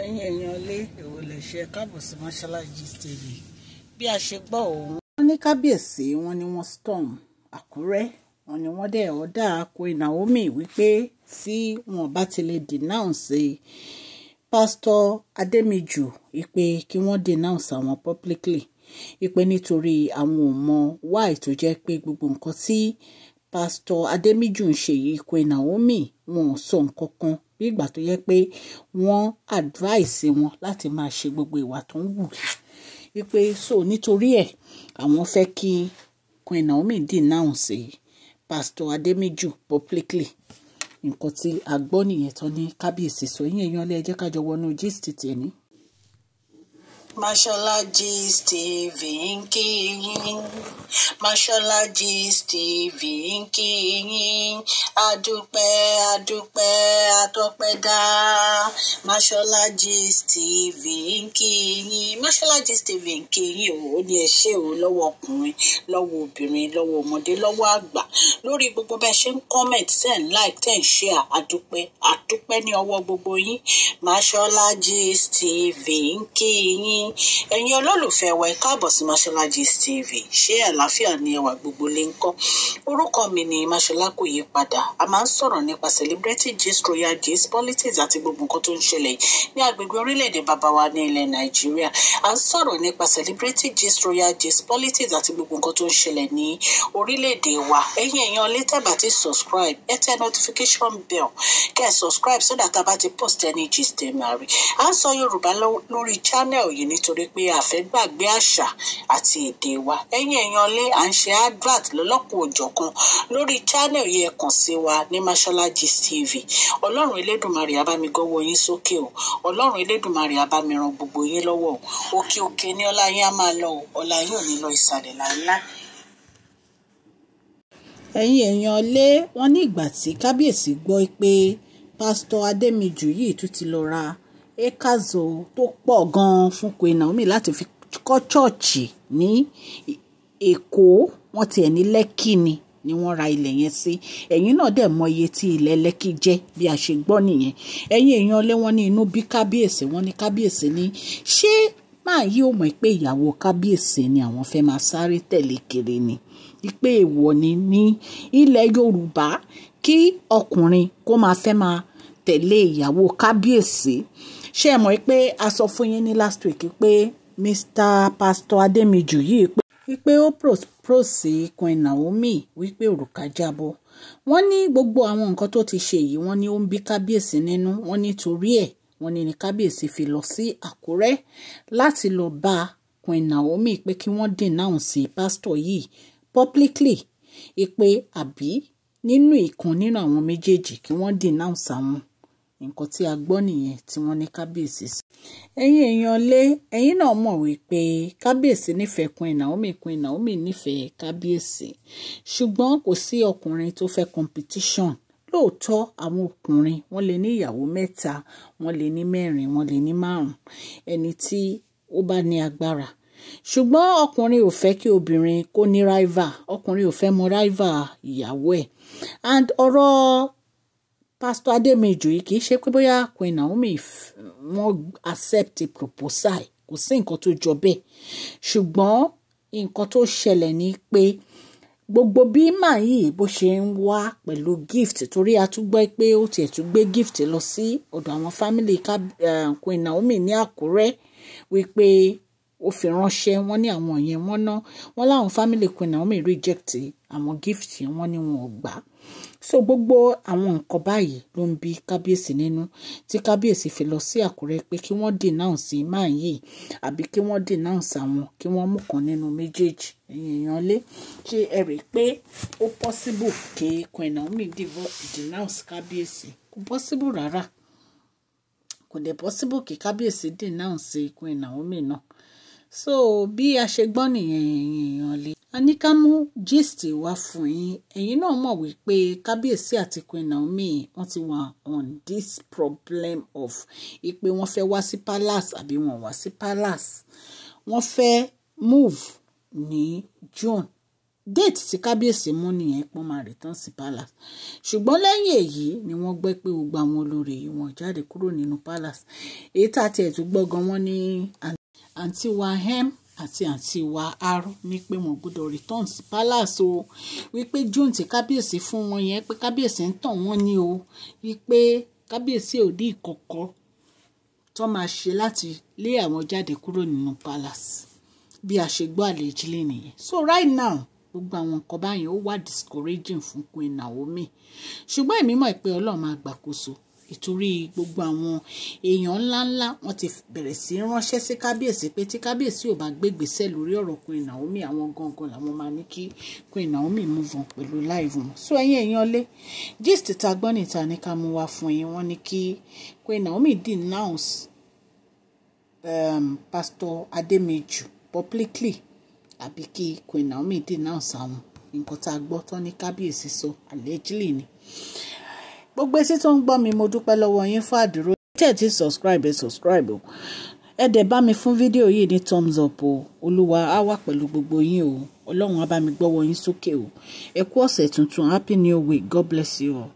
ẹ̀yin èèyàn ilé èwo lè ṣe káàbọ̀ sí Mashola Gist TV bí a ṣe gbọ́ òun. wọ́n ní kábíyèsí wọn ni wọ́n storm àkúrẹ́ wọn ni wọ́n dẹ̀ ọ̀dà Queen Naomi wípé tí wọn bá ti lè denounce pásítọ̀ Adémijù ìpè kí wọ́n denounce àwọn publicly ìpè nítorí àwọn ò mọ why tó jẹ́ pé gbogbo nǹkan tí pásítọ̀ Adémijù ń ṣe yìí Queen Naomi wọn ò sọ nǹkan kan bí ìgbà tó yẹ pé wọ́n advice wọn láti máa ṣe gbogbo ìwà tó ń wù wípé so nítorí ẹ̀ àwọn fẹ́ kí Queen Naomi denounce Pastor Ademiju publicly nǹkan tí a gbọ́ nìyẹn tán ní kábíyèsí sọ yín èèyàn lẹ́ẹ̀jẹ́ kájọ wọnú gist tèmi. Mashola Gist TV ń kí yín. Mashola Gist TV ń kí yín. Adúpẹ́ adúpẹ́ atọ́pẹ́ dá. TV ń kí yín. TV ń kí yín o. Ó ní ẹ ṣé o lọ́wọ́ ọkùnrin, lọ́wọ́ obìnrin, lọ́wọ́ ọmọdé, lọ́wọ́ àgbà lórí gbogbo bẹ́ẹ̀ ṣe ń comment ten like ten share àdúpẹ́ àdúpẹ́ ní ọwọ́ gbogbo yín Mashola Gist TV ń kí yín ẹ̀yin olólùfẹ́ wa ẹ káàbọ̀ sí Mashola Gist TV ṣé àlàáfíà ni ẹwà gbogbo lè ń kọ́ orúkọ mi ni Mashola kò yí padà a máa ń sọ̀rọ̀ nípa celebrity gist royal gist politics àti gbogbo nǹkan tó ń ṣẹlẹ̀ ní agbègbè orílẹ̀-èdè bàbá wa ní ilẹ̀ Nàìjíríà a ń sọ̀rọ̀ nípa celebrity gist royal gist politics àti gbogbo nǹkan tó ń ṣẹlẹ̀ ní orílẹ̀-èdè wa ẹ̀yin ẹ̀yin èèyàn ilé tẹ̀bà ti subscribe ẹ tẹ notification bell kẹ́ ẹ subscribe so that a ti post ẹni gist ẹ máa rí à ń sọ yorùbá lórí channel yìí nítorí pé a fẹ́ gbàgbé àṣà àti èdè wa ẹ̀yin èèyàn ilé à ń ṣe advert lọ́lọ́kùn òjọ̀kan lórí channel yìí ẹ kàn sí wa ní mashola gist tv ọlọ́run elédùnmarè abámi gọ́wọ́ yín sókè o ọlọ́run elédùnmarè abámi ràn gbogbo yín lọ́wọ́ o òkè òkè ní ọlá yín á máa lọ ọlá yín ò ní lọ ìsàlẹ̀ láíláí ẹ̀yin èèyàn lé wọn ní ìgbà tí kábíyèsí gbọ́ pé pásítọ̀ adémíjù yìí tún ti lọ ra ékazò tó pọ̀ gan-an fún Queen Naomi láti fi kọ́ chọ́ọ̀chì ní èkó wọ́n tiẹ̀ ní lẹ́kì ni ni wọ́n ra ilẹ̀ yẹn sí ẹ̀yin náà dẹ̀ mọ iye tí ilẹ̀ lẹ́kì jẹ́ bí a ṣe gbọ́ nìyẹn ẹ̀yin èèyàn lé wọn ní inú bí kábíyèsí wọn ní kábíyèsí ní ṣé máa yí ò pé ìyàwó kábíyèsí ni àwọn fẹ́ máa sáré tẹ̀lé kiri ni ìpè èèwọ̀ ni ní ilẹ̀ Yorùbá kí ọkùnrin kó máa fẹ́ máa tẹ̀lé ìyàwó kábíyèsí ṣé ẹ mọ̀ pé a sọ fún yín ní last week pé Mr. Pastor Ademiju yìí pé wípé ó pròsì Queen Naomi wípé òrùka jábọ́ wọ́n ní gbogbo àwọn nǹkan tó ti ṣe yìí wọ́n ní ó ń bí kábíyèsí nínú wọ́n ní torí ẹ̀ wọ́n ní ní kábíyèsí fi lọ sí Àkúrẹ́ láti lọ bá Queen Naomi pé kí wọ́n dènà sí pásítọ̀ yìí publicly ìpè àbí nínú ìkan nínú àwọn méjèèjì kí wọ́n denounce àwọn nǹkan tí a gbọ́ nìyẹn tí wọ́n ní kábíyèsí sí. ẹ̀yin èèyàn lé ẹ̀yin náà mọ̀ wípé kábíyèsí nífẹ̀ẹ́ Queen Naomi Queen Naomi nífẹ̀ẹ́ kábíyèsí ṣùgbọ́n kò sí ọkùnrin tó fẹ́ competition lóòótọ́ àwọn ọkùnrin wọ́n lè ní ìyàwó mẹ́ta wọ́n lè ní mẹ́rin wọ́n lè ní márùn-ún ẹni tí ó bá ní agbára ṣùgbọ́n ọkùnrin ò fẹ́ kí obìnrin kó ní rival ọkùnrin ò fẹ́ mọ rival ìyàwó ẹ̀ and ọ̀rọ̀ pastor Adémejù yìí kì í ṣe pé bóyá Queen Naomi wọ́n accept proposal kò sí nǹkan tó jọ bẹ́ẹ̀ ṣùgbọ́n nǹkan tó ṣẹlẹ̀ ni pé gbogbo bí màá bó ṣe ń wá pẹ̀lú gift torí a tún gbọ́ pé ó tiẹ̀ tún gbé gift lọ sí ọ̀dọ̀ àwọn family eh, Queen Naomi ní Àkúrẹ́ wípé ó fi ránṣẹ́ wọ́n ní àwọn yẹn wọ́n ná wọ́n láwọn family queen Naomi reject àwọn gift yẹn wọ́n ní wọn ò gbà so gbogbo àwọn nǹkan báyìí ló ń bi kábíyèsí nínú tí kábíyèsí fi lọ sí Àkúrẹ́ pé kí wọ́n denounce máa yìí àbí kí wọ́n denounce àwọn kí wọ́n mú kan nínú méjèèjì èèyàn lé ṣé ẹ rí i pé ó possible kí queen Naomi denounce kábíyèsí kò possible rárá kò dẹ̀ possible kí kábíyèsí denounce queen Naomi náà. No so bí a ṣe gbọ́ nìyẹn èèyàn lè. a ní ká mú gist wá fún yín ẹ̀yin náà mọ̀ wípé kábíyèsí àti queen naomi wọ́n ti wà on this problem of ìpè wọ́n fẹ́ wá sí palace àbí wọ́n wá sí palace wọ́n fẹ́ move ní june date tí kábíyèsí mú nìyẹn pọ́n máa return sí palace ṣùgbọ́n lẹ́yìn èyí ni wọ́n gbẹ́ pé gbogbo àwọn olórí yìí wọ́n jáde kúrò nínú palace èyí tá a tiẹ̀ tún gbọ́ gan wọ́n ní àǹtí wa m àti àǹtí wa r ní pé wọn gbọ́dọ̀ return sí palace o wípé june tí kábíyèsí fún wọn yẹn pé kábíyèsí ń tàn wọ́n ní o wípé kábíyèsí ò dí ìkọ̀kọ̀ tó máa ṣe láti lé àwọn jáde kúrò nínú palace bí a ṣe gbọ́ àlejò nìyẹn so right now gbogbo àwọn nǹkan báyìí ó wà discouraging fún Queen Naomi ṣùgbọ́n èmi mọ̀ pé Ọlọ́run máa gbàkóso ìtorí gbogbo àwọn èèyàn ńláńlá wọn ti bẹ̀rẹ̀ sí ránṣẹ́ sí kábíyèsí pé tí kábíyèsí ò bá gbégbèsè lórí ọ̀rọ̀ Queen Naomi àwọn gangan làwọn máa ní kí Queen Naomi move on pẹ̀lú live wọn so ẹ̀yin èèyàn lé gist ta gbọ́ níta ní ká mú wá fún yín wọ́n ní kí Queen Naomi denounce um, Pastor Adémejù publicly àbí kí Queen Naomi denounce àwọn nǹkan tá a gbọ́ tán ní kábíyèsí sọ allegedly ni gbogbo etí tó ń gbọ́ mi mo dúpẹ́ lọ́wọ́ yín fún àdúró tẹ̀ tí subscribe ẹ subscribe o ẹ dẹ̀ bá mi fún fídíò yìí ní thumbs up o olúwa á wà pẹ̀lú gbogbo yín o ọlọ́run á bá mi gbọ́wọ́ yín sókè o ẹ kú ọ̀sẹ̀ tuntun happy new week god bless you all.